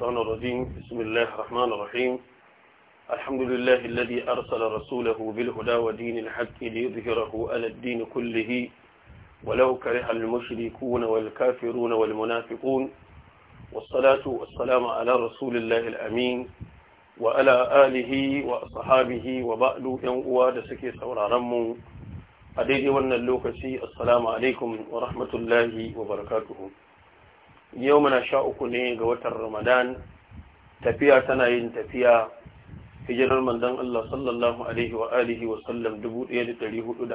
الشيطان الرجيم بسم الله الرحمن الرحيم الحمد لله الذي أرسل رسوله بالهدى ودين الحق ليظهره على الدين كله ولو كره المشركون والكافرون والمنافقون والصلاة والسلام على رسول الله الأمين وعلى آله وصحابه وبعد ينقوى دسكي سورا رمو أديدي ون اللوكسي السلام عليكم ورحمة الله وبركاته yau muna sha uku ne ga watan ramadan tafiya tana yin tafiya hijirar manzon Allah sallallahu alaihi wa alihi wa sallam 1441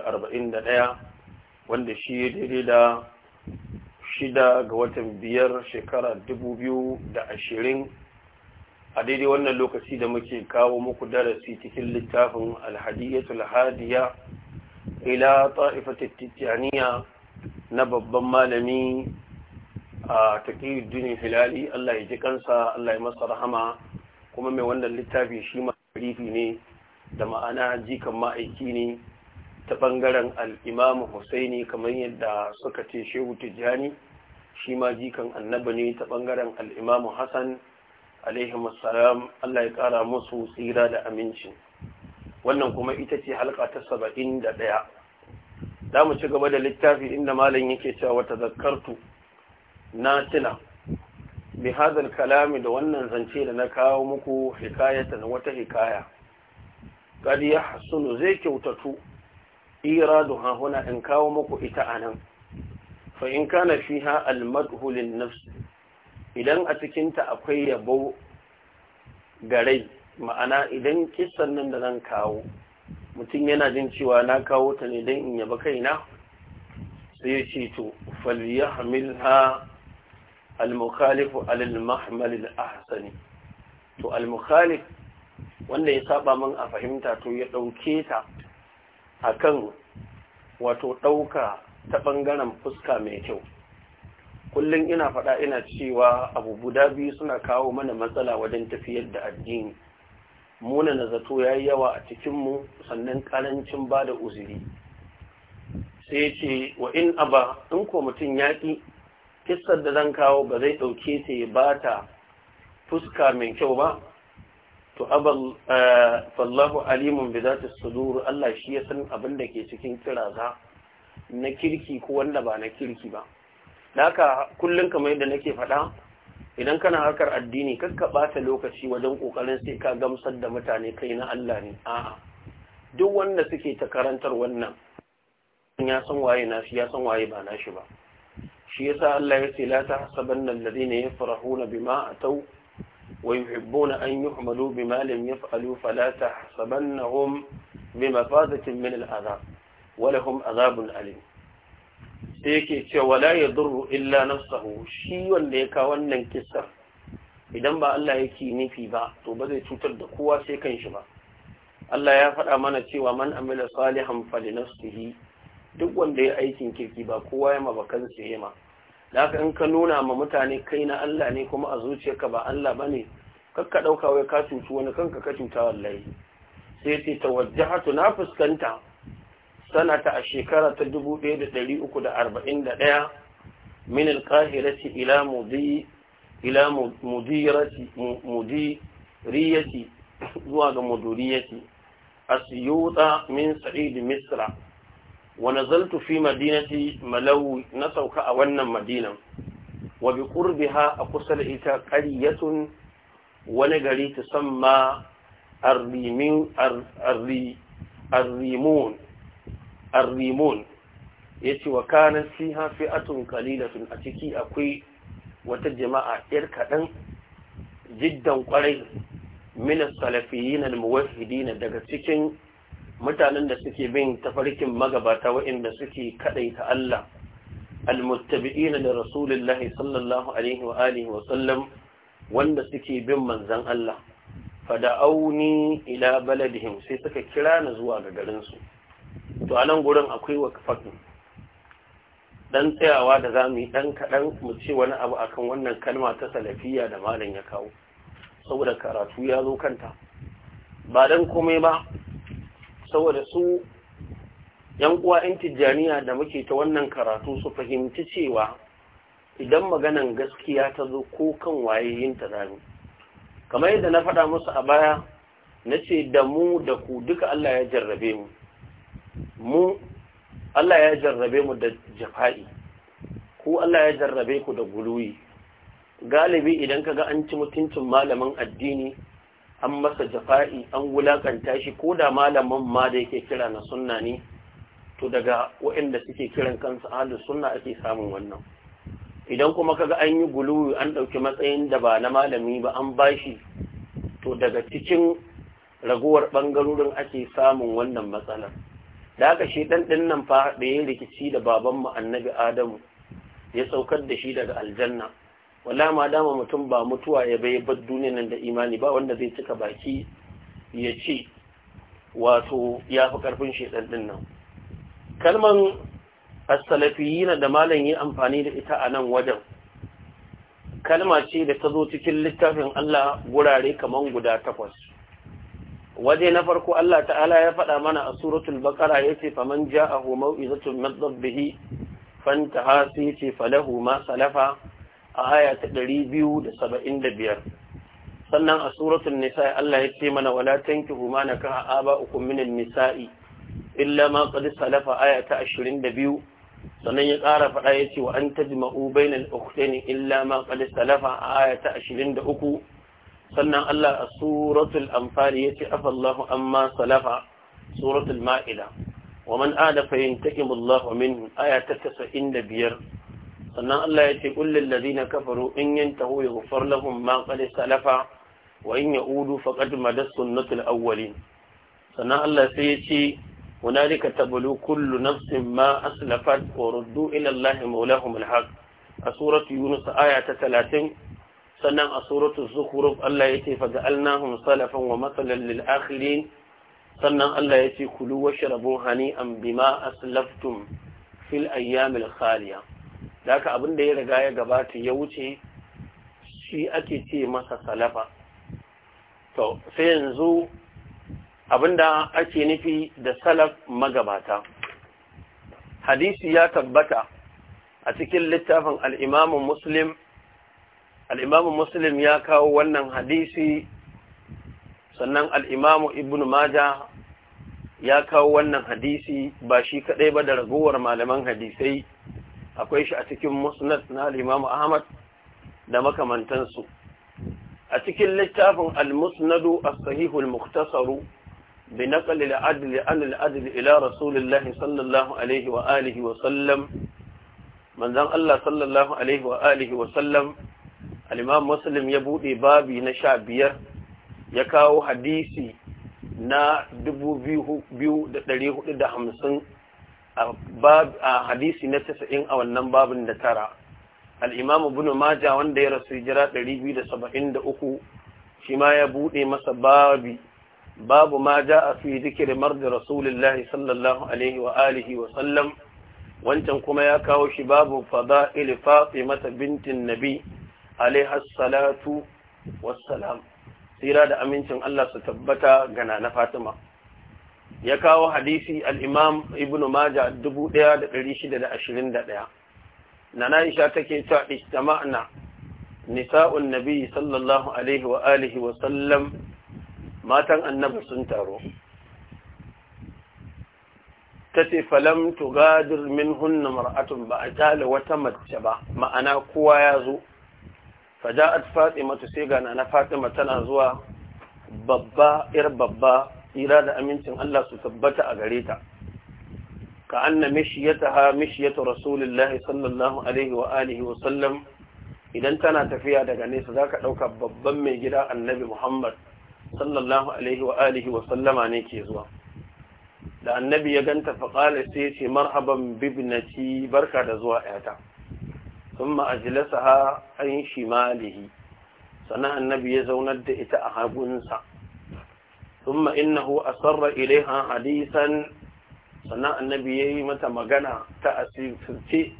wanda shi ya daidai da shida ga watan biyar shekara da ashirin. a daidai wannan lokaci da muke kawo muku darasi cikin littafin alhadiyatul hadiya ila ta'ifatit tijaniya na babban malami a taqiyuddin hilali Allah ya ji kansa Allah ya masa rahama kuma mai wannan littafi shi ma ne da ma'ana jikan ma'aiki ne ta bangaren al-Imam Husaini kamar yadda suka ce Shehu Tijjani shi ma jikan annabi ne ta bangaren al-Imam Hassan alaihi assalam Allah ya kara musu tsira da aminci wannan kuma ita ce halka ta saba'in da ɗaya. mu ci gaba da littafi inda malam yake cewa wata zakartu na tuna bi hadal kalami da wannan zance da na kawo muku hikayata na wata hikaya kadi ya hasunu zai kyautatu Ira ha huna in kawo muku ita anan fa in kana fiha al-madhu lin idan a cikinta akwai yabo garai ma'ana idan kissan nan da nan kawo mutum yana jin cewa na kawo ta ne dan in yaba kaina sai ya ce to yahmilha المخالف على المحمل mahmal تو ahsani to wanda ya saba min a fahimta to ya dauke ta akan wato dauka ta bangaren fuska mai kyau kullum ina faɗa ina cewa abu guda biyu suna kawo mana matsala wajen tafiyar da addini muna na zato ya yawa a cikin mu sannan ƙarancin ba da uziri sai ce wa in aba in ko mutum yaki? kissar da zan kawo ba zai ɗauke ta ya ba ta fuska mai kyau ba to abal eh, fallahu alimun bi zata sudur Allah shi ya san abin da ke cikin kiraza na kirki ko wanda ba na kirki ba haka kullum kamar yadda nake faɗa idan kana harkar addini kakka ɓata lokaci wajen ƙoƙarin sai ka gamsar da mutane kai na Allah ne a'a duk wanda suke ta karantar wannan ya san waye nashi ya san waye ba nashi ba shi yasa Allah ya ce la tahsabanna alladhina yafrahuna bima ataw wa yuhibbuna an yuhmalu bima lam yaf'alu fala tahsabannahum bimafadatin min al'azab wa lahum azabun alim sai yake cewa wala yadurru illa nafsuhu shi wanda ya kawo wannan kissa idan ba Allah yake nufi ba to ba zai cutar da kowa sai kanshi ba Allah ya faɗa mana cewa man amila salihan falinafsihi duk wanda ya aikin kirki ba kowa ya mabakan su yema da haka in ka nuna ma mutane kai na Allah ne kuma a zuciyarka ba Allah bane kakka dauka wai ka cuci wani kanka ka cuta wallahi sai ce tawajjahatu na fuskanta sanata a shekara ta 1341 min alqahirati ila mudi ila mudirati mudiriyati zuwa ga muduriyati asyuta min sa'id misra wani zaltu fi madinati malawi na sauka a wannan madinan wa bi ƙurbiha a kusa da ita ƙaryatun wani gari ta samma arrimun ya ce wa kanan fi hafi atun kalilatun a ciki akwai wata jama'a ‘yar kaɗan jiddan ƙwarai minas salafiyin al-muwahidina daga cikin mutanen da suke bin tafarkin magabata waɗanda suke ta Allah almuttabi'ina da rasulullahi sallallahu alaihi wa alihi wa sallam wanda suke bin manzon Allah fada'auni ila baladihim sai suka kira ni zuwa ga garinsu to anan gurin akwai wakafatu dan tsayawa da zamu yi dan kadan mu ce wani abu akan wannan kalma ta salafiya da malam ya kawo saboda karatu ya zo kanta ba dan komai ba saboda su yan uwa yan tijjaniya da muke ta wannan karatu su fahimci cewa idan maganan gaskiya ta zo ko kan waye yin ta zami kamar yadda na faɗa musu a baya na ce da mu da ku duka Allah ya jarrabe mu mu Allah ya jarrabe mu da jafa'i ko Allah ya jarrabe ku da guluyi galibi idan kaga an ci mutuncin malamin addini an masa jafa'i an wulakanta shi ko da malamin ma da yake kira na sunna ne to daga waɗanda suke kiran kansu ahlus sunna ake samun wannan idan kuma kaga an yi guluwi an ɗauki matsayin da ba na malami ba an bashi to daga cikin raguwar ɓangarorin ake samun wannan matsalar da aka shi ɗanɗin nan fa da ya rikici da babanmu annabi adamu ya saukar da shi daga aljanna wala ma dama mutum ba mutuwa ya bai bar duniyar nan da imani ba wanda zai cika baki ya ce wato ya fi karfin shaidan din nan kalman as na da malam yi amfani da ita a nan wajen kalma ce da ta zo cikin littafin Allah gurare kaman guda takwas waje na farko Allah ta'ala ya faɗa mana a suratul baqara yace faman ja'ahu mau'izatun min rabbih fantaha sai ce falahu ma salafa a haya ɗari biyu da saba'in da biyar sannan a suratun nisa'i Allah ya ce mana wala tankihu ma nakaha aba'ukum minan nisa'i illa ma qad salafa aya ta biyu. sannan ya ƙara faɗa ya ce wa an tajma'u bainal ukhtayn illa ma qad salafa aya ta uku. sannan Allah a suratul anfal ya ce amma salafa suratul ma'ida wa man ada fa yantaqimu Allahu biyar. sannan Allah ya ce kullin ladina kafaru in yantahu yughfar lahum ma qad salafa wa in yaudu faqad madas sunnatul awwalin sannan Allah sai ya ce hunalika tablu kullu nafsin ma aslafat wa ruddu ila Allah mawlahum alhaq a suratu yunus aya ta talatin sannan a suratu zukhruf Allah ya ce faja'alnahum salafan wa masalan lil akhirin sannan Allah ya ce kulu washrabu hani'an bima aslaftum fil ayyamil khaliyah da haka abin da ya riga ya gabata ya wuce shi ake ce masa salafa to sai yanzu abinda ake nufi da salaf magabata hadisi ya tabbata a cikin littafin al'imamun muslim al'imamun muslim ya kawo wannan hadisi sannan al'imamu ibn maja ya kawo wannan hadisi ba shi kaɗai ba da ragowar malaman hadisai akwai shi a cikin musnad na limamu ahmad da makamantansu a cikin littafin al-musnadu as-sahihu al-mukhtasaru bi naql al-adl an al-adl ila rasulillahi sallallahu alaihi wa alihi wa sallam manzon Allah sallallahu alaihi wa alihi wa sallam al-imam muslim ya bude babi na 15 ya kawo hadisi na 2450 a hadisi na 90 a wannan babin da tara al-imamu ibn maja wanda ya rasu hijira 273 shi ma ya bude masa babi babu ma jaa fi zikri da rasulillahi sallallahu alaihi wa alihi wa sallam wancan kuma ya kawo shi babu fada'il mata bintin nabi alaiha salatu wassalam sira da amincin Allah su tabbata gana na Fatima ya kawo hadisi al'imam ibn maja 1621 na na'isha take cewa ma'ana nisa'un nabi sallallahu alaihi wa alihi wa sallam matan annabi sun taro ta ce falam tugadir min hunna mar'atun ba a tala wata mace ba ma'ana kowa ya zo faja'at fatima sai gana na fatima tana zuwa babba ir babba tsira da amincin Allah su tabbata a gare ta ka anna mishiyataha mishiyatu rasulillahi sallallahu alaihi wa alihi wa sallam idan tana tafiya daga nesa zaka ɗauka babban mai gida annabi Muhammad sallallahu alaihi wa alihi wa sallama ne ke zuwa da annabi ya ganta faqala sai ce marhaban bibnati barka da zuwa ayata thumma ha an shimalihi sannan annabi ya zaunar da ita a hagunsa ثم إنه أصر إليها حديثا صنع النبي متى مغنى تأسيب سلتي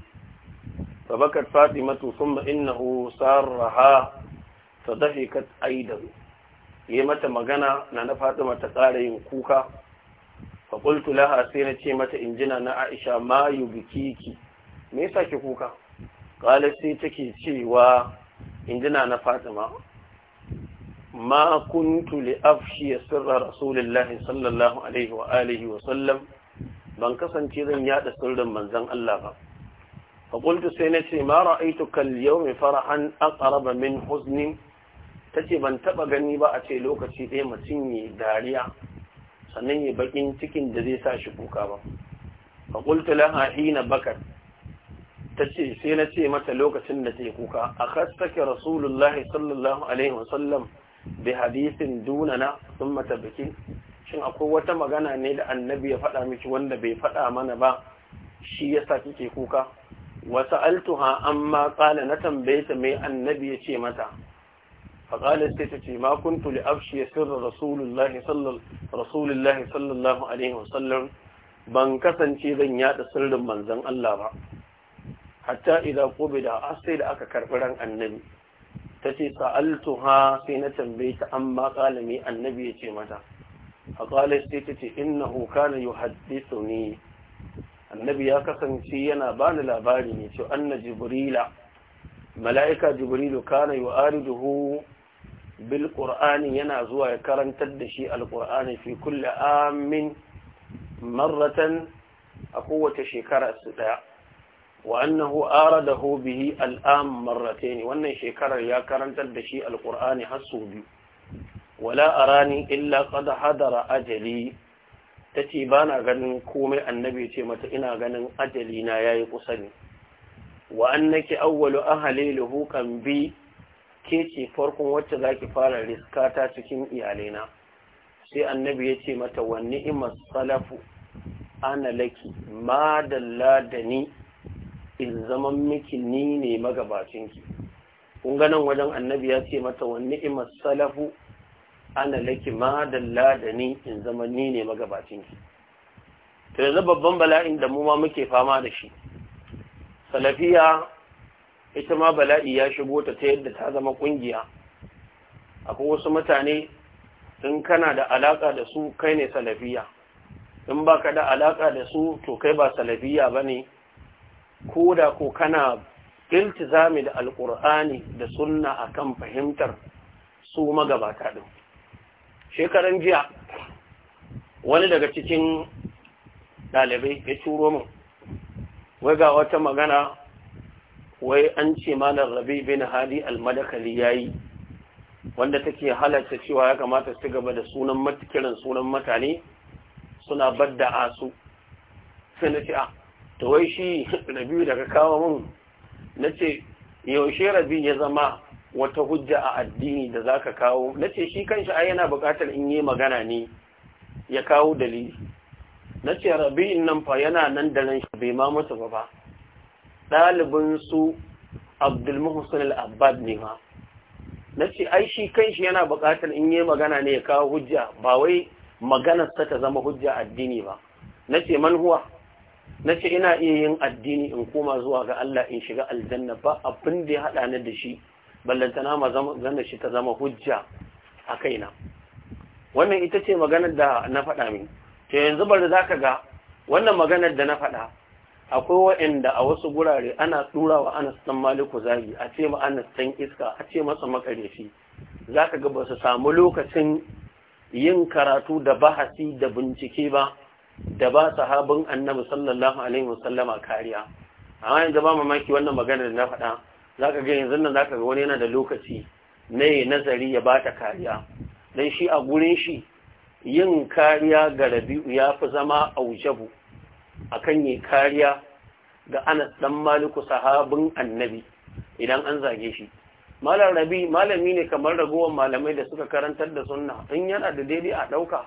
فبكت فاطمة ثم إنه سارها فضحكت أيضا يمتى مغنى نانا فاطمة تقاري وكوكا فقلت لها سينة متى إنجنا نعائشة ما يبكيكي ميسا كوكا قال سيتكي سيوا إنجنا نفاطمة ما كنت لأفشي سر رسول الله صلى الله عليه وآله وسلم ban kasance zan yada sirrin manzon Allah ba. Fa sai na ce ma ra'aytu kal yawmi farahan aqraba min huznin tace ban taɓa gani ba a ce lokaci dai mutum ne dariya sannan ya baƙin cikin da zai sa shi kuka ba. Fa qultu laha hina bakat tace sai na ce mata lokacin da take kuka a kasake rasulullahi sallallahu alaihi wasallam sallam bihadisin hadisin dunana sun matabbaki shin akwai wata magana ne da annabi ya faɗa miki wanda bai faɗa mana ba shi ya sa kike kuka wasu altuha amma ƙala na tambaye ta mai annabi ya ce mata faƙalar sai ta ce ma kuntu li afshi ya sirra rasulullahi sallallahu alaihi wasallam ban kasance zan yada sirrin manzon Allah ba hatta idan kobe da sai da aka karɓi ran annabi ta ce sa'altuha sai na tambaye ta amma kalami annabi ya ce mata a kalis sai ta ce innahu kana ne annabi ya kasance yana bani labari ne cewa anna jibrila mala'ika jibrilu kana yu'ariduhu bil qur'ani yana zuwa ya karantar da shi alqur'ani fi kulle amin marratan a kowace shekara su daya wa annahu aradahu bihi al'am marratayn wannan shekarar ya karantar da shi Alƙur'ani har sau biyu wala a rani illa qad hadara ajali tace ba na ganin komai annabi ce mata ina ganin ajali na yayi kusa ne wa annaki ahali ahli luhuqan bi ke ce farkon wacce zaki fara riskata ta cikin iyalena sai annabi ya ce mata wa ni'mas salafu analaki. laki ma dalla da ni In zaman miki ni ne magabacinki kun ganin wajen annabi ya ce mata wa ni'imar salafu ana laki ma da ni in zama ni ne magabacinki to yanzu babban bala'in da mu ma muke fama da shi salafiya ita ma bala'i ya shigo ta ta yadda ta zama kungiya akwai wasu mutane in kana da alaka da su kai ne salafiya in baka da alaka da su to kai ba salafiya bane ko da ko kana iltizami da alƙur'ani da sunna a kan fahimtar su magabata din shekaran jiya wani daga cikin ɗalibai ya turo min wai ga wata magana wai an ce malar rabi bin hadi almadakali ya yi wanda take halarta cewa ya kamata su gaba da sunan matakirin sunan mutane suna badda a su sai na ce a ah, to wai shi rabiu da ka kawo mun na ce yaushe rabi ya zama wata hujja a addini da za ka kawo na ce shi kanshi ai yana buƙatar in yi magana ne ya kawo dalili na ce in nan fa yana nan da nan shi bai ma mutu ba ba ɗalibin su al-abbad ne ma na ce ai shi kanshi yana buƙatar in yi magana ne ya kawo hujja ba wai maganarsa ta zama hujja addini ba na ce man huwa na ce ina iya yin addini in koma zuwa ga Allah in shiga aljanna ba abin da ya haɗa ni da shi ballantana ma zama shi ta zama hujja a kaina wannan ita ce maganar da na faɗa min to yanzu bari za ka ga wannan maganar da na faɗa akwai wa'anda a wasu gurare ana turawa ana san ɗan maliku zagi a ce ma ana ɗan iska a ce masa makarefi za ka ga ba su samu lokacin yin karatu da bahasi da bincike ba da ba sahabin annabi sallallahu alaihi wasallama kariya amma yanzu ba mamaki wannan magana da na faɗa zaka ga yanzu nan zaka ga wani yana da lokaci ne nazari ya bata kariya dan shi a gurin shi yin kariya ga Rabi'u ya fi zama aujabu akan yi kariya ga Anas dan Maliku sahabin annabi idan an zage shi malam Rabi malami ne kamar ragowar malamai da suka karantar da sunna in yana da daidai a dauka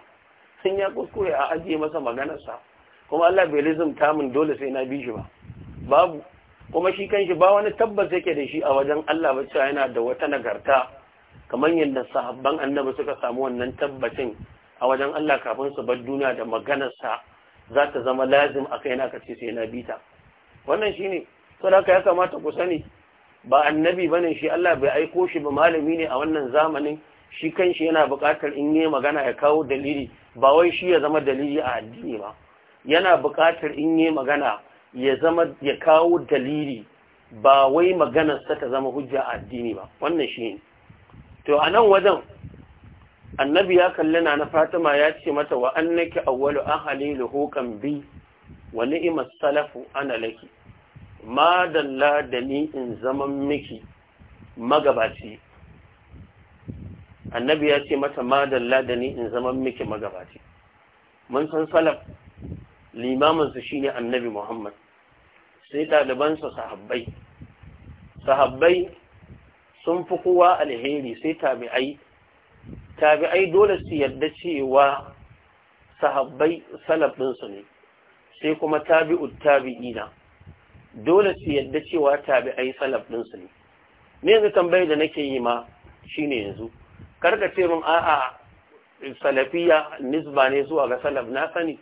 sun ya kuskure a ajiye masa maganarsa kuma Allah bai lizumta min dole sai na bi shi ba babu kuma shi kanshi ba wani tabbas yake da shi a wajen Allah ba cewa yana da wata nagarta kamar yadda sahabban annabi suka samu wannan tabbacin a wajen Allah kafin su bar duniya da maganarsa za ta zama lazim a kaina ka ce sai na bi ta. wannan shine to da ya kamata ku sani ba annabi bane shi Allah bai aiko shi ba malami ne a wannan zamanin shi kanshi yana buƙatar in yi magana ya kawo dalili ba wai shi ya zama dalili a addini ba yana buƙatar in yi magana ya zama ya kawo dalili ba wai maganarsa ta zama hujja a addini ba wannan shi ne to a nan wajen annabi ya kalli na na fatima ya ce mata wa an annaki awwalu ahli luhuqan bi wa ni'mas salafu ana laki ma dalla da ni in zama miki magabaci annabi ya ce mata madalla da ni in zama miki magabaci mun san salaf limaminsu shine annabi muhammad sai ɗalibansa sahabbai sahabbai sun fi kowa alheri sai tabi'ai tabi'ai dole su yarda cewa sahabbai salaf ɗinsu ne sai kuma tabi'ut tabi'ina dole su yarda cewa tabi'ai salaf ɗinsu ne me yanzu tambayar da nake yi ma shine yanzu karka ce min a'a salafiya nisba ne zuwa ga salaf na sani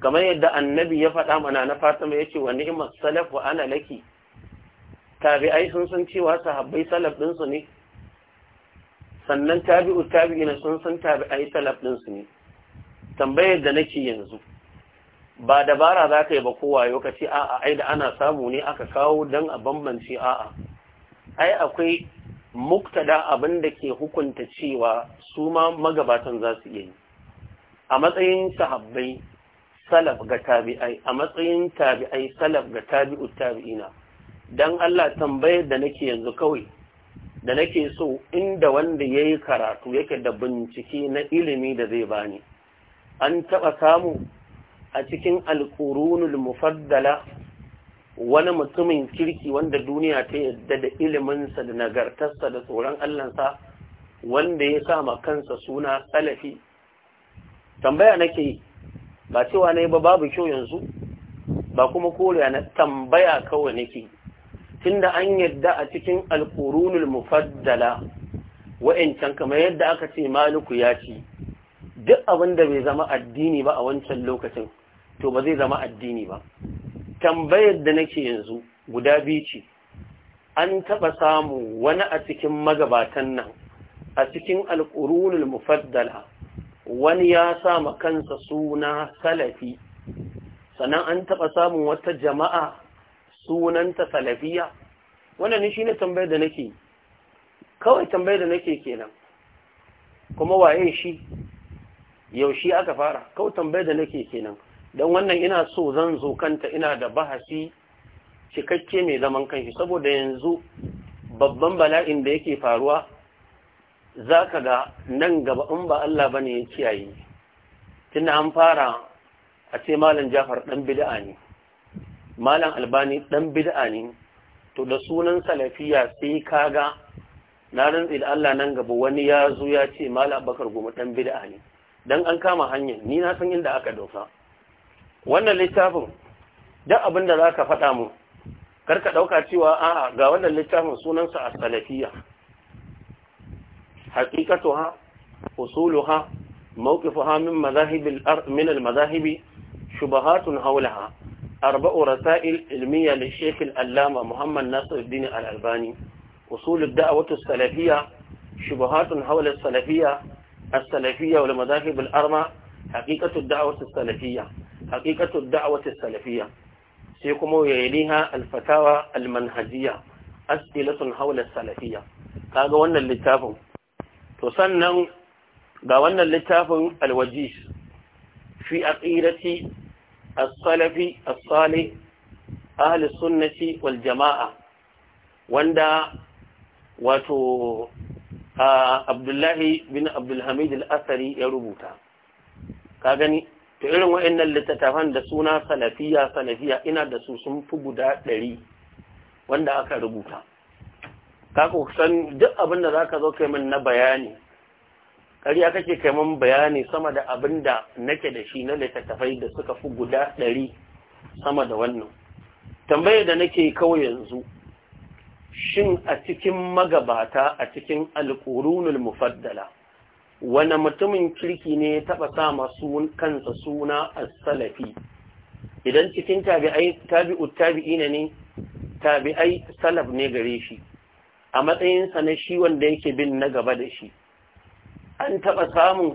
kamar yadda annabi ya faɗa mana na fatima ya ce wa ni'imar salaf wa ana laki tabi'ai sun san cewa sahabbai salaf ɗinsu ne sannan tabi'u tabi'ina sun san tabi'ai salaf ɗinsu ne tambayar da nake yanzu ba dabara za ka yi ba yau ka ce a'a ai da ana samu ne aka kawo don a bambance a'a ai akwai muktada abin da ke hukunta cewa su ma magabatan za su iya yi a matsayin sahabbai salaf ga tabi'ai a matsayin tabi'ai salaf ga tabi'u tabi'ina dan Allah tambayar da nake yanzu kawai da nake so inda wanda yayi karatu yake da bincike na ilimi da zai bani an taɓa samu a cikin alqurunul mufaddala wani mutumin kirki wanda duniya ta yadda da iliminsa da nagartarsa da tsoron Allahnsa wanda ya sa kansa suna salafi tambaya nake ba cewa ne ba babu kyau yanzu ba kuma koriya na tambaya kawai nake tunda an yadda a cikin alkurunul mufaddala wa'ancan kamar yadda aka ce maluku ya ci duk abin da bai zama addini ba a wancan lokacin to ba zai zama addini ba tambayar da nake yanzu guda biyu ce an taɓa samu wani a cikin magabatan nan a cikin alƙurunul mufaddala wani ya sa ma kansa suna salafi sannan an taɓa samun wata jama'a sunanta salafiya wannan ne tambayar da nake kawai tambayar da nake kenan kuma waye shi yaushe aka fara kawai tambayar da nake kenan don wannan ina so zan zo kanta ina da bahasi cikakke mai zaman kanshi saboda yanzu babban bala'in da yake faruwa za ka ga nan gaba in ba Allah ba ne ya kiyaye tunda an fara a ce malam jafar ɗan bid'a ne malam albani ɗan bid'a ne to da sunan salafiya sai kaga na rantsi da Allah nan gaba wani ya zo ya ce malam bakar goma ɗan bid'a ne dan an kama hanyar ni na san inda aka dauka. wannan littafin duk abin da za ka faɗa mu karka ɗauka cewa a'a ga wannan littafin sunansa a salafiya ha, usulu ha, min ha min al-mazahibi shubahatun hawlaha arba'u rasail ilmiya li shaykh allama Muhammad Nasiruddin al-Albani usul ad wata salafiya, salafiyya shubahatun haula salafiya, salafiyya as-salafiyya wal madahib al salafiyya haqiqatud da'wati salafiyya sai kuma yayliha al-fatawa al-manhajiyya as'ilatun hawla salafiyya kaga wannan littafin to sannan ga wannan littafin al-wajis fi aqidati as-salafi as-salih ahli sunnati wal jama'a wanda wato Abdullahi bin Abdulhamid al-Asari ya rubuta ka gani to irin wa'annan littattafan da suna salafiya salafiya ina da su sun fi guda ɗari wanda aka rubuta ka san duk abin da za ka zo kai min na bayani karya kake kai min bayani sama da abin da nake da shi na littattafai da suka fi guda ɗari sama da wannan tambayar da nake kawai yanzu shin a cikin magabata a cikin alƙurunul mufaddala wani mutumin kirki ne ya taɓa sa masu kansa suna as-salafi idan cikin tabi'ai tabi'u tabi'i ne tabi'ai salaf ne gare shi a matsayinsa na shi wanda yake bin na gaba da shi an taɓa samun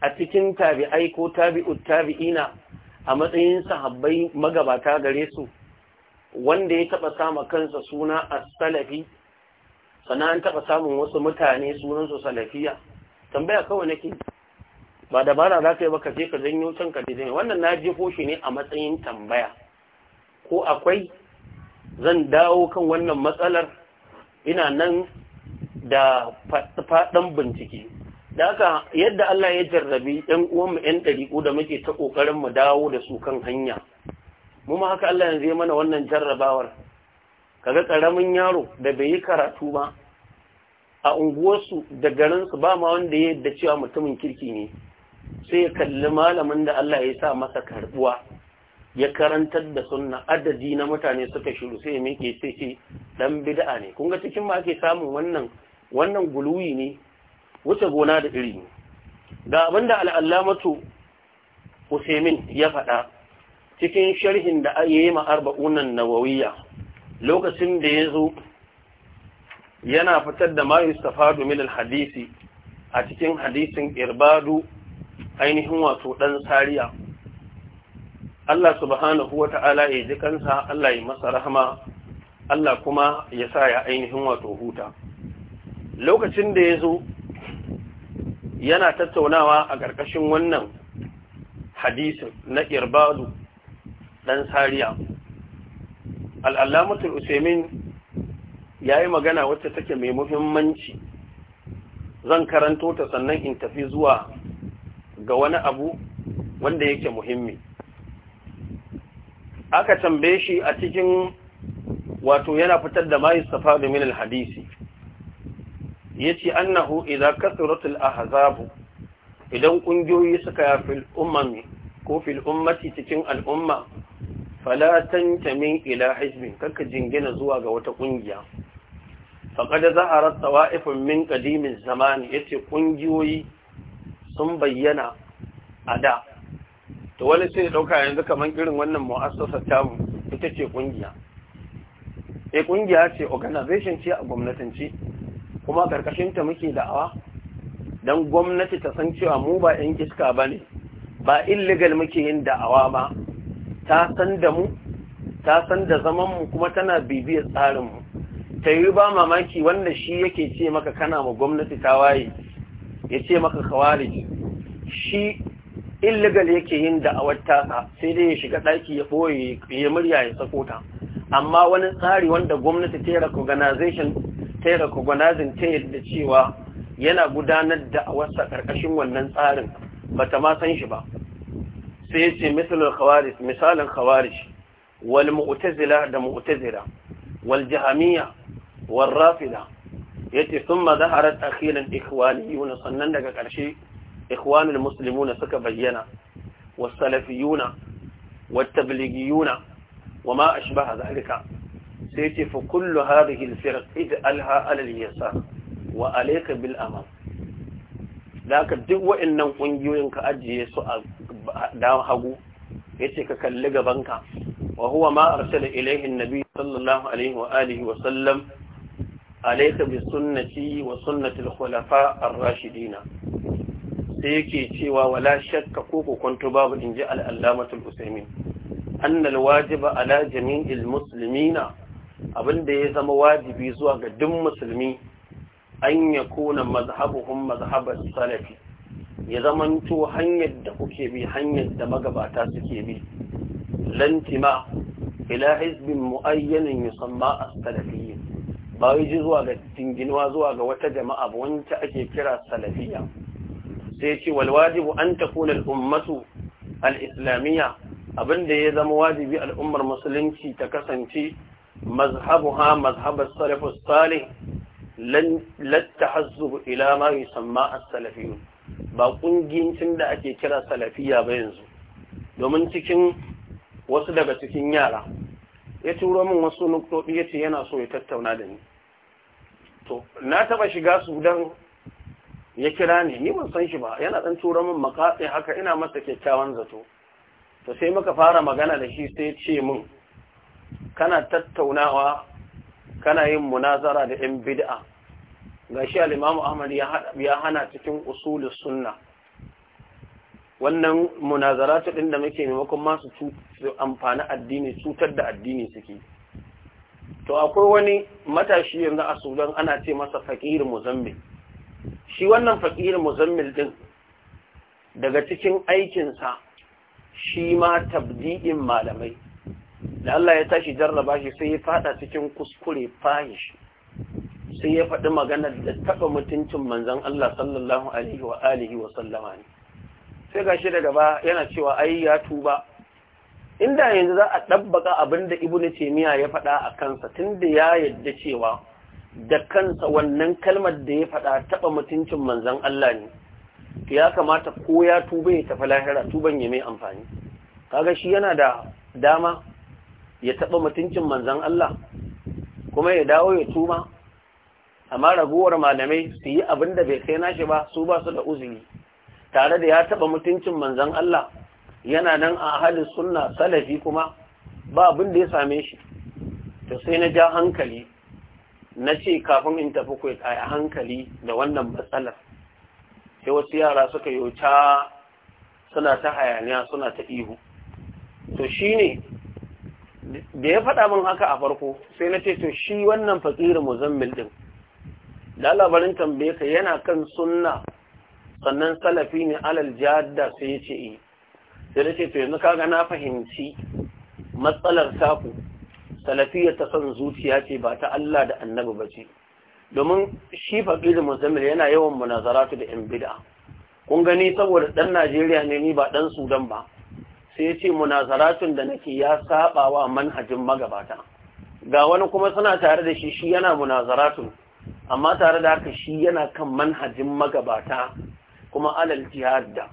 a cikin tabi'ai ko tabi'u tabi'ina a matsayin habbai magabata gare su wanda ya taɓa sama kansa suna as-salafi sannan an taɓa samun wasu mutane sunansu salafiya tambaya kawai nake ba da dabara za ka yi ba ka je ka janyo can ka je wannan na jefo shi ne a matsayin tambaya ko akwai zan dawo kan wannan matsalar ina nan da faɗin bincike da haka yadda Allah ya jarrabi ɗan uwanmu ‘yan ɗariƙo da muke ta ƙoƙarin mu dawo da su kan hanya mu ma haka Allah yanzu ya mana wannan jarrabawar kaga ƙaramin yaro da bai yi karatu ba a unguwarsu da garinsu ba ma wanda ya yadda cewa mutumin kirki ne sai ya kalli malamin da Allah ya sa masa karbuwa ya karantar da sunna adadi na mutane suka shiru sai ya miƙe sai ce dan bid'a ne kun ga cikin ma ake samun wannan wannan guluwi ne wuce gona da iri ne ga abinda al'allamatu Usaimin ya faɗa cikin sharhin da ya yi arba'unan nawawiyya lokacin da ya zo yana fitar da ma yustafadu min hadisi a cikin hadisin irbadu ainihin wato dan sariya Allah subhanahu wata'ala ya ji kansa Allah ya masa rahama Allah kuma ya sa ya ainihin wato huta lokacin da ya zo yana tattaunawa a ƙarƙashin wannan hadisin na irbadu ɗan sariya al'allamatul usaimin ya yi magana wacce take mai muhimmanci zan karanto ta sannan in tafi zuwa ga wani abu wanda yake muhimmi aka tambaye shi a cikin wato yana fitar da mai safadu min alhadisi yace annahu idza kasrat alahzab idan kungiyoyi suka fil ummi ko fil ummati cikin al'umma fala tantami ila hizbin kaka jingina zuwa ga wata kungiya faƙada za a rasa wa'ifin min ƙadimin zamani ya ce ƙungiyoyi sun bayyana a da to wani sai ɗauka yanzu kamar irin wannan mu'assasar tamu ita ce ƙungiya Eh ƙungiya ce organization ce a gwamnatanci kuma ƙarƙashinta muke da'awa don gwamnati ta san cewa mu ba 'yan iska ba ne ba illegal muke yin da'awa ba ta san da mu ta san da zamanmu kuma tana bibiyar tsarinmu ta yi ba mamaki wanda shi yake ce maka kana ma gwamnati waye ya ce maka kawari shi illegal yake yin da'awar tasa sai dai ya shiga ɗaki ya ɓoye ya murya ya sako ta amma wani tsari wanda gwamnati ta yi recognition ta yi ta yadda cewa yana gudanar da awarsa ƙarƙashin wannan tsarin ba ta ma san shi ba sai ce misalin khawarij misalin khawarij wal mu'tazila da mu'tazila wal jahamiyya warrafida yace thumma zaharat akhiran ikhwaniyun sannan daga ƙarshe ikhwanul muslimuna suka bayyana wasalafiyuna wattablighiyuna wama ashbaha zalika sai yace fa kullu hadhihi alfirq ij'alha ala al-yasar wa alayka bil amam laka duk waɗannan ƙungiyoyin ka ajiye su a dan hagu yace ka kalli gabanka wa huwa ma ilaihin ilayhi an-nabi alaika bi sunnati wa sunnatul khulafa ar-rashidina sai yake cewa wala shakka ko kokonto babu inji al-allamatul usaimin anna al-wajiba ala jami'il muslimina abinda ya zama wajibi zuwa ga duk musulmi an yakuna mazhabuhum mazhabat salafi ya zamanto hanyar da kuke bi hanyar da magabata suke bi lantima ila hizbin mu'ayyanin yusamma as-salafiyyin ba wai zuwa ga dinginuwa zuwa ga wata jama'a ba wanda ake kira salafiyya sai ce wal an takuna al ummatu al islamiyya abinda ya zama wajibi al'ummar musulunci ta kasance mazhabuha mazhabar salafus salih lattahazzubu ila ma yusamma as-salafiyun ba ƙungiyancin da ake kira salafiya ba yanzu domin cikin wasu daga cikin yara ya turo min wasu ya ce yana so ya tattauna da ni to na taba shiga sudan ya kira ni ni ban san shi ba yana dan tura min makatsi haka ina masa kyakkyawan zato to sai muka fara magana da shi sai ce min kana tattaunawa kana yin munazara da yan bid'a gashi al Alimamu Ahmad ya hana cikin usulus sunna wannan munazaratu din da muke maimakon masu su amfani addini cutar da addini suke to akwai wani matashi yanzu a sudan ana ce masa faƙirin muzammil shi wannan faƙirin muzammil din daga cikin aikinsa shi ma tabdi'in malamai da Allah ya tashi jarraba shi sai ya fada cikin kuskure fahish sai ya faɗi magana da taɓa mutuncin manzon Allah sallallahu alaihi wa alihi wa sallama ne sai gashi daga ba yana cewa ai ya tuba inda yanzu za a ɗabbaka abin da ibu taymiya ya faɗa a kansa tunda ya yadda cewa da kansa wannan kalmar da ya faɗa taɓa mutuncin manzan Allah ne ya kamata ko ya tuba ya tafi lahira tuban ya mai amfani kaga shi yana da dama ya taɓa mutuncin manzan Allah kuma ya dawo ya tuba amma ragowar malamai su yi abin da bai kai nashi ba su ba su da uzuri tare da ya taɓa mutuncin manzan Allah yana nan a halin suna salafi kuma ba abin da ya same shi to sai na ja hankali na ce kafin in tafi kuwait a hankali da wannan matsalar sai wasu yara suka yi ta suna ta hayaniya suna ta ihu to shi ne da ya faɗa min haka a farko sai na ce to shi wannan fakirin muzammil ɗin da labarin tambaye ka yana kan sunna sannan salafi ne alal jadda sai ya ce iya eh. sai na ce to yanzu kaga na fahimci matsalar saku salafiya ta son zuciya ce ba ta Allah da annabi ba ce domin shi faƙirin musamman yana yawan munazaratu da yan bid'a kun gani saboda ɗan Najeriya ne ni ba ɗan Sudan ba sai ya ce munazaratun da nake ya saba wa manhajin magabata ga wani kuma suna tare da shi shi yana munazaratun amma tare da haka shi yana kan manhajin magabata kuma alal jihad da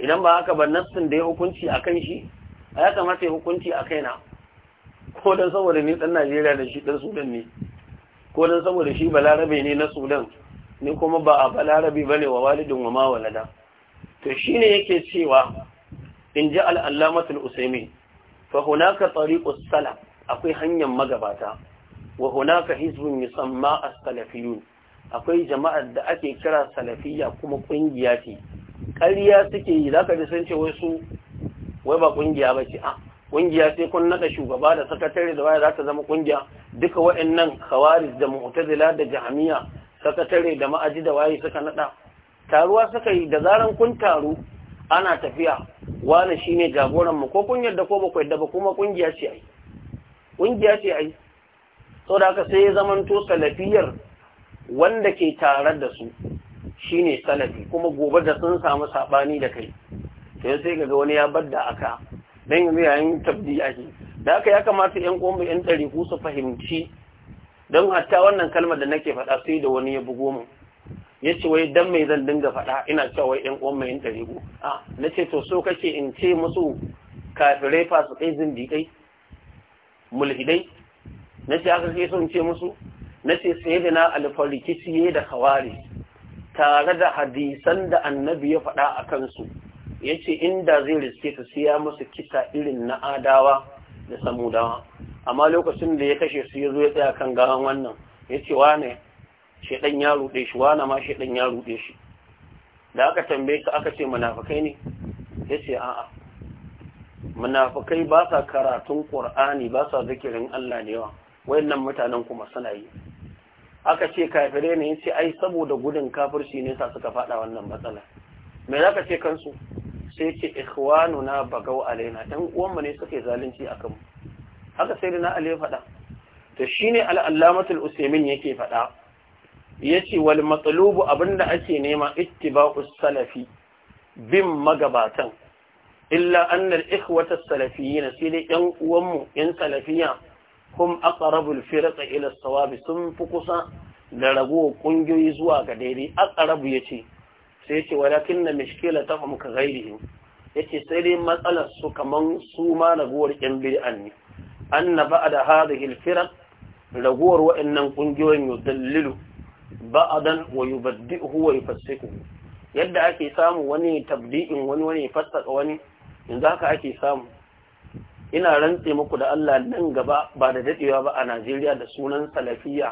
idan ba haka ba nassin da ya hukunci a kan shi a ya kamata ya hukunci a kaina ko don saboda ni ɗan najeriya da shi ɗan sudan ne ko don saboda shi balarabe ne na sudan ni kuma ba a balarabe ba ne wa walidin wa mawalada. to shi ne yake cewa in ji al'allamatul usaimi fa hunaka tsari salaf akwai hanyar magabata wa hunaka hizbun musamma as-salafiyun akwai jama'ar da ake kira salafiyya kuma kungiya ce ƙarya suke yi zaka ji sun ce wai su wai ba ƙungiya ba ce a Ƙungiya sai kun naka shugaba da sakatare da waya za ta zama ƙungiya. duka waɗannan kawari da mu'tazila da jami'a sakatare da ma'aji da waye suka nada taruwa suka yi da zaran kun taru ana tafiya wani shine jagoran mu ko kun yarda ko ba ku yarda ba kuma ƙungiya ce ai Ƙungiya ce ai saboda haka sai ya zamanto salafiyar wanda ke tare da su Shi ne salafi kuma gobe da sun samu saɓani da kai to sai gaga wani ya badda aka dan yanzu yayin tabdi shi da aka ya kamata yan uwan yan ɗari ku su fahimci don hatta wannan kalmar da nake faɗa sai da wani ya bugo mu ya ce wai dan mai zan dinga faɗa ina cewa wai yan uwan mai yan ɗari ku a na ce to so kake in ce musu kafirai fasikai zindiƙai mulhidai na ce aka ce sun ce musu na ce sai da na alfarki da khawarij tare da hadisan da annabi ya faɗa a kansu ya ce inda zai riske su siya masu kisa irin na adawa da samudawa amma lokacin da ya kashe su ya zo ya tsaya kan gawan wannan ya ce wane shaɗan ya ruɗe shi wane ma shaɗan ya ruɗe shi da aka tambaye ka aka ce munafukai ne ya ce a'a munafukai ba sa karatun ƙur'ani ba sa zikirin Allah da yawa wayannan mutanen kuma suna yi aka ce kafire ne yace ai saboda gudun kafirci ne sa suka faɗa wannan matsala me zaka ce kansu sai ikhwanu na bagau alaina dan uwan ne suke zalunci akan mu haka sai na Ali ya fada to shine al-allamatul usaymin yake faɗa yace wal matlubu abinda ake nema ittiba'u salafi bin magabatan illa al-ikhwata as salafiyyin sai dai yan uwan mu yan salafiyya hum aqrabul firqa ila as-sawab sun fi kusa da rago kungiyoyi zuwa ga daidai aqrabu yace sai yace na mishkila tafhum ka ghairihi yace sai dai matsalar su kaman su ma ragowar yan bid'an ne anna ba'da hadhihi al-firq ragowar wa'annan kungiyoyin yudallilu ba'dan wa yubaddi'uhu wa yufassiku yadda ake samu wani tabdi'in wani wani fassaka wani yanzu haka ake samu ina rantse muku da Allah nan gaba ba da dadewa ba a Najeriya da sunan salafiya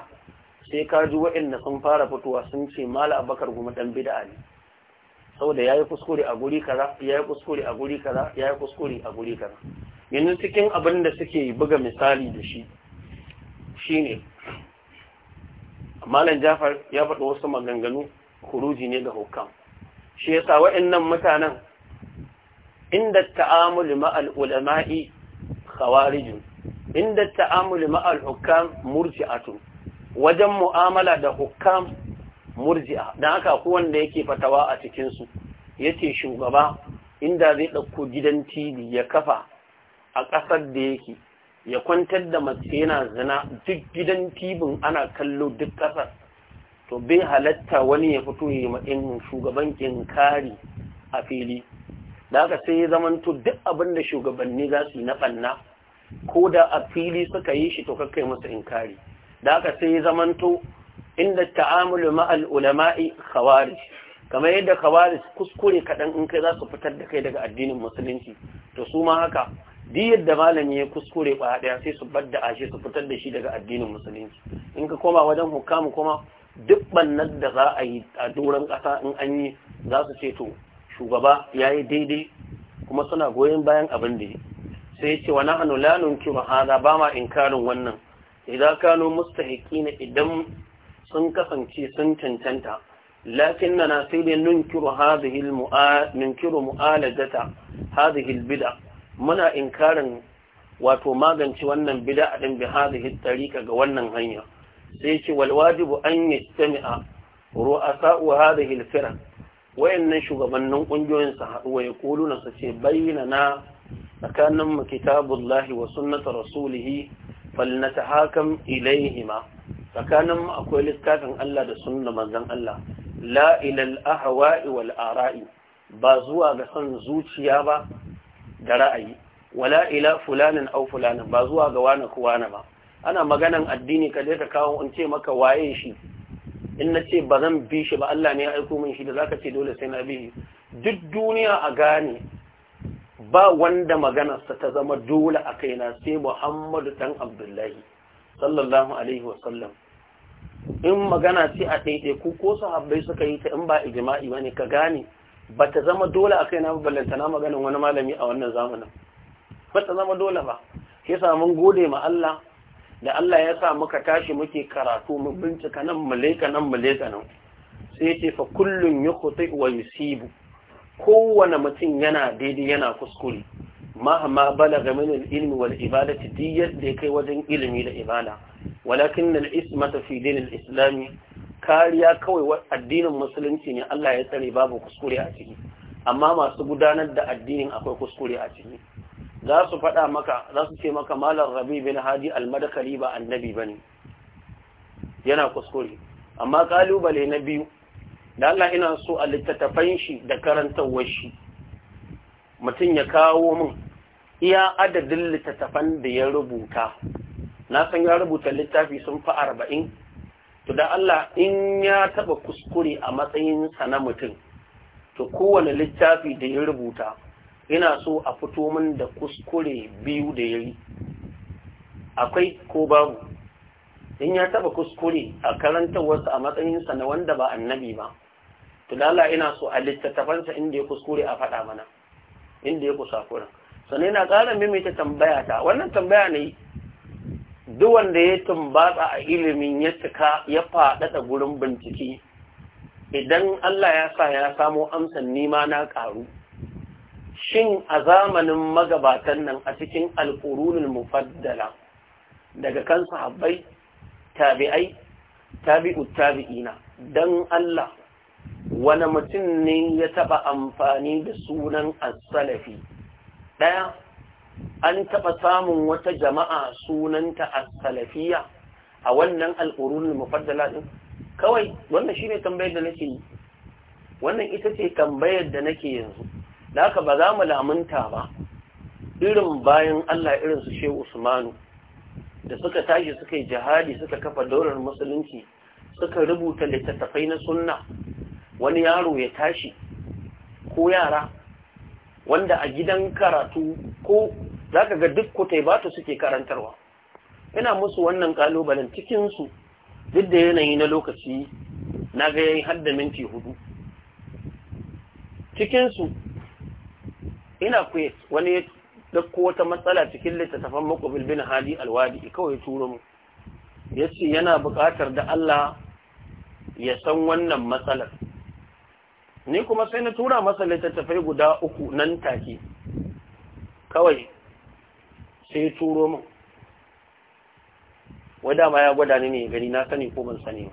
sai ka ji waɗanda sun fara fitowa sun ce mala abakar kuma dan bid'a ne saboda yayi kuskure a guri kaza yayi kuskure a guri kaza yayi kuskure a guri kaza yanzu cikin abin da suke buga misali da shi shine malam Jafar ya faɗi wasu maganganu kuruji ne ga hukam shi yasa waɗannan mutanen inda ta'amul ma'al ulama'i khawarij inda ta'amuli ma'al murji'a murji'atu wajen mu'amala da hukam murji'a dan haka ko wanda yake fatawa a cikin su yace shugaba inda zai dauko gidan TV ya kafa a ƙasar da yake ya kwantar da mace yana zina duk gidan tibin ana kallo duk ƙasar to bai halatta wani ya fito ya yi shugaban kari a fili da haka sai ya zamanto duk abin da shugabanni za su yi na banna ko da a fili suka yi shi to kai musu inkari da aka sai zamanto inda ta'amulu ma'al ulama'i khawarij kamar yadda khawarij kuskure kaɗan in kai za su fitar da kai daga addinin musulunci to su ma haka duk yadda malami ya kuskure ba daya sai su bar da ashe su fitar da shi daga addinin musulunci in ka koma wajen hukamu kuma duk bannan da za a yi a doron ƙasa in an yi za su ce to shugaba ya yi daidai kuma suna goyon bayan abin da ya sai ce wani nahnu la nunkiru hada ba ma inkarin wannan idan kano na idan sun kasance sun cancanta lakin sai dai nunkiru hadhihi almu'a nunkiru mu'alajata hadhihi hilbida muna inkarin wato magance wannan bid'a din bi hadhihi tariqa ga wannan hanya sai ce wal wajibu an yastami'a ru'asa'u hadhihi alfirq wayannan shugabannin ƙungiyoyin sa haɗuwa ya na su ce bayyana na tsakaninmu kitabullahi wa sunnata rasulihi falnatahakam ilaihima tsakaninmu akwai littafin Allah da sunna manzon Allah la ilal ahwa'i wal ara'i ba zuwa ga son zuciya ba da ra'ayi wala ila fulanin au fulanin ba zuwa ga wani kuwana ba ana maganan addini ka je ka kawo in ce maka waye shi in na ce ba zan bi shi ba Allah ne ya aiko min shi da zaka ce dole sai na bi duk duniya a gane ba wanda maganarsa ta zama dole a kaina sai Muhammadu dan Abdullahi sallallahu alaihi wasallam in magana ce a ɗaiɗe ku ko sahabbai suka yi ta in ba ijma'i bane ka gane ba ta zama dole a kaina ballanta na maganar wani malami a wannan zamanin ba ta zama dole ba ke mun gode ma Allah da Allah ya sa muka tashi muke karatu mu bincika nan mu leka nan mu leka nan sai ce fa kullun yukhti wa yusibu kowane mutum yana daidai yana kuskure mahama balaga min al-ilmi wal ibadati diyyar da kai wajen ilimi da ibada walakin al-ismata fi din islami kariya kawai addinin musulunci ne Allah ya tsare babu kuskure a ciki amma masu gudanar da addinin akwai kuskure a ciki za su faɗa maka za su ce maka malar rabi bin hadi al-madakali ba annabi ba ne yana kuskure amma kalubale na biyu da Allah ina so a littattafan shi da karantarwar shi mutum ya kawo min iya adadin littattafan da ya rubuta na san ya rubuta littafi sun fi arba'in to da Allah in ya taba kuskure a matsayinsa na mutum to kowane littafi da ya rubuta ina so a fito min da kuskure biyu da ya yi akwai ko babu in ya taba kuskure a karantarwarsa a matsayinsa na wanda ba annabi ba to lalla ina so a littattafansa inda ya kuskure a faɗa mana inda ya kusakura sannan yana ƙara maimaita tambaya ta wannan tambaya ne duk wanda ya tumbatsa a ilimin ya cika ya faɗaɗa gurin bincike idan Allah ya sa ya samo amsan nima na ƙaru shin a zamanin magabatan nan a cikin alƙurunin mufaddala daga kan sahabbai tabi'ai tabi'u tabi'ina dan Allah wani mutum ne ya taba amfani da sunan as-salafi daya an taba samun wata jama'a sunanta as salafiya a wannan al-qurun mufaddala din kawai wannan shine tambayar da nake yi wannan ita ce tambayar da nake yanzu da haka ba za mu lamunta ba irin bayan Allah irin su Sheikh Usmanu da suka tashi suka yi jihadi suka kafa daular musulunci suka rubuta littattafai na sunna wani yaro ya tashi ko yara wanda a gidan karatu ko zaka ga duk kutaibatu suke karantarwa ina musu wannan kalubalen cikinsu duk da yanayi na lokaci na ga yayi hadda minti hudu cikinsu ina kuwait wani Duk ko wata matsala cikin littattafan makwabin bin hadi alwadi kawai turo mu ya yana buƙatar da Allah ya san wannan matsalar ni kuma sai na tura masa littattafai guda uku nan take kawai sai turo mu wadda ma ya gwada ni ne gari na sani ko ban sani ba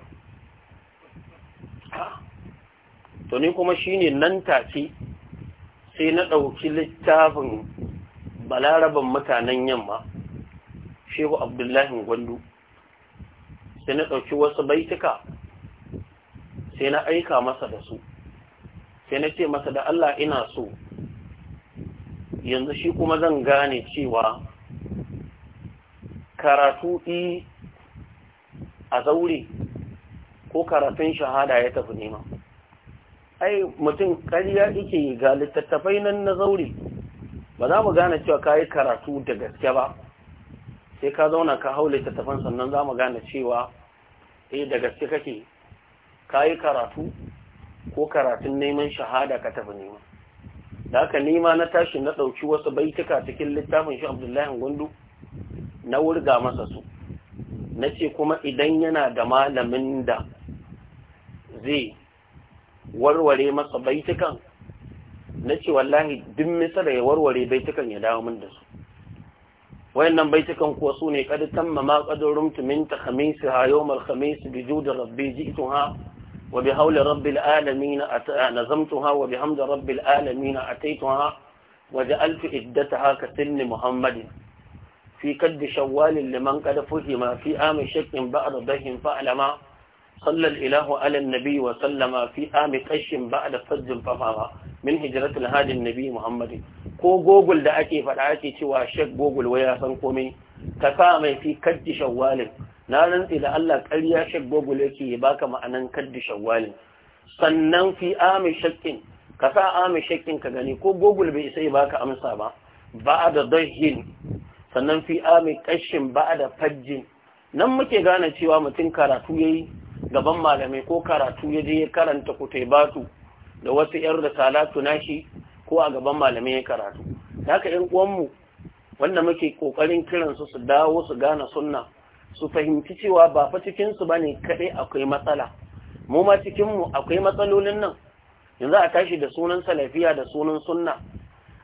to ni kuma shine nan take sai na ɗauki littafin balaraban mutanen yamma shehu abdullahi gwandu sai na ɗauki wasu baituka sai na aika masa da su sai na ce masa da Allah ina so yanzu shi kuma zan gane cewa karatu ɗi a zaure ko karatun shahada ya tafi nema ai mutum ƙarya ike ga littattafai nan na zaure ba za mu gane cewa ka yi karatu da gaske ba sai ka zauna ka haule tafan sannan za mu gane cewa eh da gaske kake ka yi karatu ko karatun neman shahada ka tafi nema da haka nema na tashi na ɗauki wasu baituka cikin littafin shi abdullahi gundu na wurga masa su na ce kuma idan yana da malamin da zai warware masa baitukan na ce wallahi duk misra ya warware baitukan ya dawo min da su wayannan baitukan kuwa su ne kad tamma ma qad ta khamis ha yawm al-khamis bi jud rabbi ji'tuha wa bi hawli rabbil alamin nazamtuha wa bi hamdi rabbil alamin ataituha wa ja'altu iddataha ka sinni muhammadin في كد شوال لمن قد فهم في آم شك بعد بهم فألما صلى الإله على النبي وسلم في آم قش بعد فج ففاما min hijratul hadin nabi muhammadin ko google da ake faɗa ake cewa shek google wai ya san komai ta sa mai fi kaddi shawwalin na rantsi da Allah ƙarya shek google yake ya baka ma'anan kaddi shawwalin sannan fi amin shakkin ka sa amin shakkin ka gani ko google bai isa ya baka amsa ba ba da dahin sannan fi amin kashin ba da fajjin nan muke gane cewa mutum karatu yayi gaban malamai ko karatu ya je ya karanta ku taibatu da wasu yar da salatu nashi ko a gaban malamai ya karatu haka yan uwanmu wanda muke ƙoƙarin kiransu su dawo su gane sunna su fahimci cewa ba fa cikin su bane kaɗai akwai matsala mu ma cikin akwai matsalolin nan yanzu a tashi da sunan salafiya da sunan sunna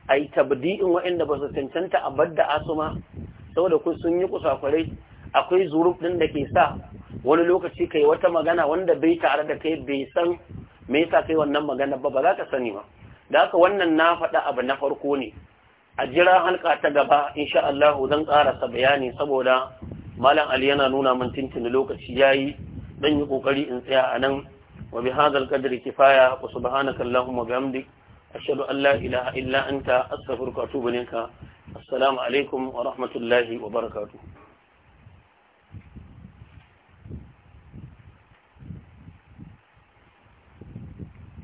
A ai tabdi'in waɗanda ba su cancanta a da asuma saboda kun sun yi kusakurai akwai zuruf ɗin da ke sa wani lokaci kai wata magana wanda bai tare da kai bai san me yasa kai wannan magana ba ba za ka sani ba da haka wannan na faɗa abu na farko ne a jira halka ta gaba insha Allah zan ƙarasa bayani saboda malam Ali yana nuna min tintini lokaci yayi dan yi kokari in tsaya a nan wa bi hadzal qadri kifaya wa subhanaka allahumma bihamdik ashhadu an la ilaha illa anta astaghfiruka wa atubu ilayka assalamu alaikum wa rahmatullahi wa barakatuh